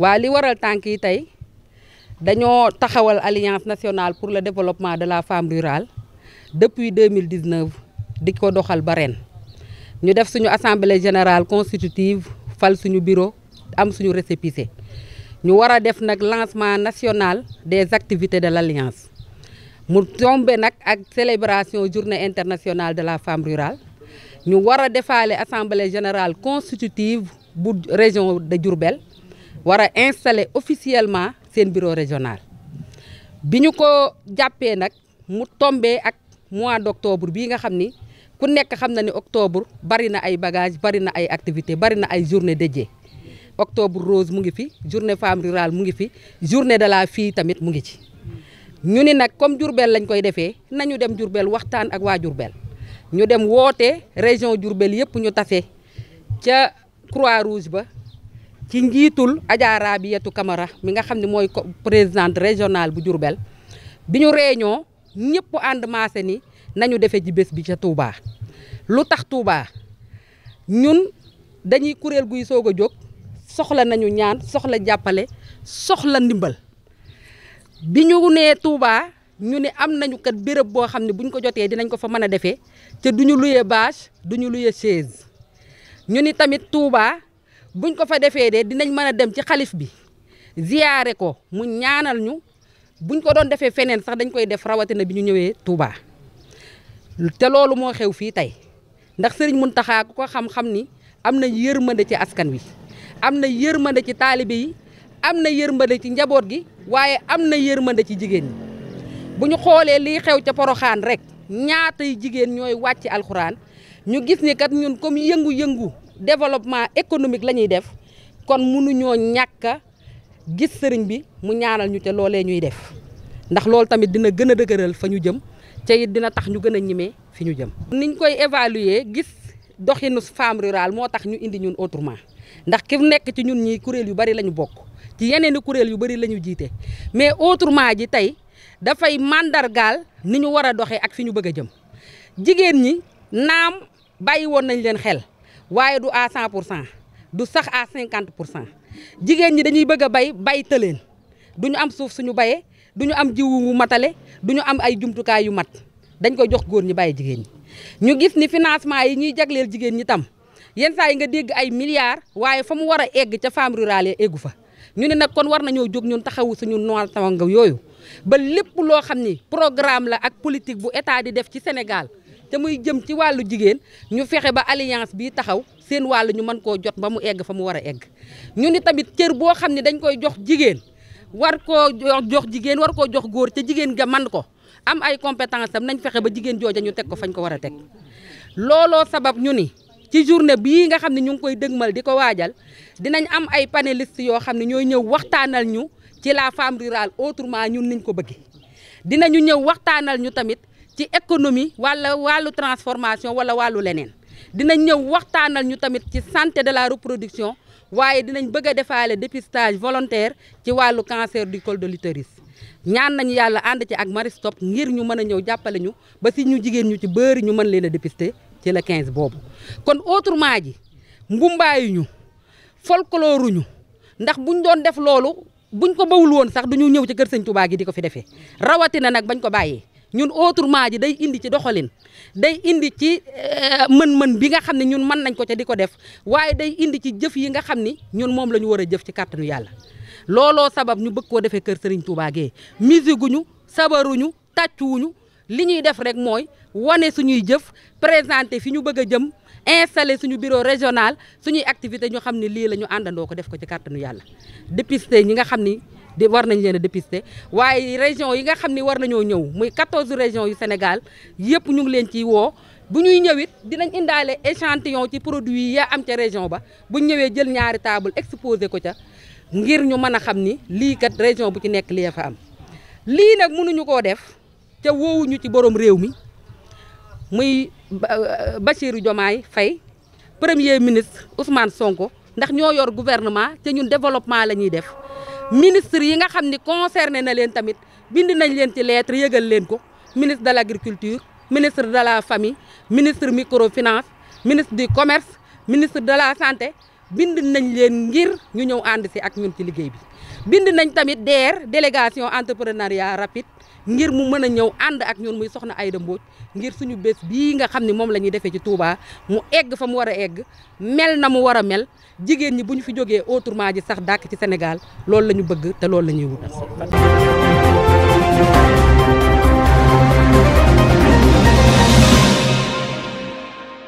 waa li waral tànk yi tey dañoo taxawal alliance nationale pour le développement de la femme rurale depuis 2019 di ko doxal ba ren ñu def suñu assemblée générale constitutive fal suñu bureau am suñu récépissé ñu war a def nag lancement nationale des activités de l' alliance mu tombe nag ak célébration journée internationale de la femme rurale ñu war a defaale assemblée générale constitutive bu région de Diourbel war a installer officiellement seen bureau régional bi ñu ko jàppee nag mu tombee ak mois d' octobre bii nga xam ni ku nekk xam na ne octobre bari na ay bagages bari na ay activité bari na ay journée dédiée octobre rose mu ngi fi journée femme rurale mu ngi fi journée de la fille tamit mu ngi ci ñu ni nag comme Diourbel lañ koy defee na ñu dem Diourbel waxtaan ak waa Diourbel ñu dem woote région Diourbel yëpp ñu tase ca Croix-Rouge ba ci njiitul Adja Rabiatou kamara mi nga xam ne mooy présidente régional bu Diourbel bi ñu réunion ñëpp ànd maase ni nañu defee ci bés bi ca Touba. lu tax Touba ñun dañuy kuréel guy soog a jóg soxla nañu ñaan soxla jàppale soxla ndimbal bi ñu nee Touba ñu ne am nañu kat béréb boo xam ne buñ ko jotee dinañ ko fa mën a defee te duñu luyee bâche duñu luyee chaise ñu ni tamit Touba. buñ ko fa defee de dinañ mën a dem ci xalif bi ziyaare ko mu ñaanal ñu buñ ko doon defee feneen sax dañ koy def rawatina bi ñu ñëwee Touba te loolu moo xew fii tey ndax sëriñ mun ku ko xam-xam ni am na yërmande ci askan wi am na yërmande ci taalibe yi am na yërmande ci njaboot gi waaye am na yërmande ci jigéen ñi bu ñu xoolee li xew ca Poroxaan rek ñaatay jigéen ñooy wàcc alxuraan ñu gis ni kat ñun comme yëngu-yëngu développement économique la ñuy def kon munuñoo ñàkka gis sëriñ bi mu ñaanal ñu ca loolee ñuy def ndax loolu tamit dina gën a dëgëral fa ñu jëm te it dina tax ñu gën a ñimee fi ñu jëm. niñ koy évaluer gis doxinu femme rural moo tax ñu indi ñun autrement ndax ki nekk ci ñun ñii kuréel yu bari la ñu bokk ci yeneen i kuréel yu bari la ñu jiite mais autrement ji tey dafay màndargaal ni ñu war a doxee ak fi ñu bëgg a jëm jigéen ñi naam bàyyi woon nañ leen xel. waaye du à 100 pour cent du sax à 50 pour cent jigéen ñi dañuy bëgg a bay bay tëleen du ñu am suuf suñu bayee du ñu am jiwu wu matale du ñu am ay jumtukaay yu mat dañ koy jox góor ñi bàyyi jigéen ñi. ñu gis ni financement yi ñuy jagleel jigéen ñi tam yenn saa yi nga dégg ay milliards waaye fa mu war a egg ca femmes rurales eggu fa ñu ne nag kon war nañoo jóg ñun taxawu suñu noor yooyu ba lépp loo xam ni programme la ak politique bu état di def ci Sénégal. te muy jëm ci wàllu jigéen ñu fexe ba alliance bi taxaw seen wàllu ñu mën koo jot ba mu egg fa mu war a egg ñu ni tamit cër boo xam ne dañ koy jox jigéen war koo jox jigéen war koo jox góor te jigéen ga man ko am ay compétence am nañ fexe ba jigéen jooja ñu teg ko fañ ko war a teg looloo sabab ñu ni ci journée bii nga xam ne ñu ngi koy dëgmal di ko waajal dinañ am ay panélistes yoo xam ne ñooy ñëw waxtaanal ñu ci la femme rurale autrement ñun niñ ko bëgg dinañu ñëw waxtaanal ñu tamit ci économie wala wàllu transformation wala wàllu leneen dinañ ñëw waxtaanal ñu tamit ci santé de la reproduction waaye dinañ bëgg a defaale dépistage volontaire ci wàllu cancer du col de l'utérus ñaan nañu yàlla ànd ci ak Marie Stopes ngir ñu mën a ñëw jàppale ñu ba si ñu jigéen ñu ci bëri ñu mën leen a dépister ci la quinze boobu kon autrement ji mbumbaayu ñu folklooru ñu ndax buñ doon def loolu buñ ko bawul woon sax du ñu ñëw ci kër sëñ Touba gi di ko fi defee rawatina nag bañ ko bàyyee ñun autrement ji day indi ci doxalin day indi ci eh, mën-mën bi nga xam ne ñun mën nañ ko ca di ko def waaye day indi ci jëf yi nga xam ni ñun moom la ñu war a jëf ci kàttanu yàlla looloo sabab ñu bëgg koo defee kër Serigne Touba Gueye ñu sabaruñu tàccuwuñu li ñuy def rek mooy wane suñuy jëf présenté fi ñu bëgg a jëm installé suñu bureau régional suñuy activité ñu xam ne lii la ñu àndandoo ko def ko ci kàttanu yàlla dépisté ñi nga xam ni di war nañ leen a dépister waaye région yi nga xam ni war nañoo ñëw muy 14 régions yu Sénégal yëpp ñu ngi leen ciy woo bu ñuy ñëwit dinañ indaale échantillon ci produit yi am ca région ba bu ñu ñëwee jël ñaari table exposé ko ca ngir ñu mën a xam ni lii kat région bu ci nekk lee fa am lii nag mënuñu ko def ca woowuñu ci borom réew mi muy euh, Bassirou Diomaye fay premier ministre Ousmane Sonko ndax ñoo yor gouvernement te ñun développement la ñuy def ministre yi nga xam ni concerné na leen tamit bind nañ leen ci lettre yëgal leen ko ministre de l' agriculture ministre de la famille ministre microfinance ministre du commerce ministre de la santé bind nañ leen ngir ñu ñëw ànd si ak ñun ci liggéey bi bind nañ tamit DER délégation entrepreneuriat rapide ngir mu mën a ñëw ànd ak ñun muy soxna Aïda Mbodj ngir suñu bés bii nga xam ni moom la ñuy defee ci Touba mu egg fa mu war a egg mel na mu war a mel jigéen ñi bu ñu fi jógee autrement ji sax dàkk ci Sénégal loolu la ñu bëgg te loolu la ñuy wut.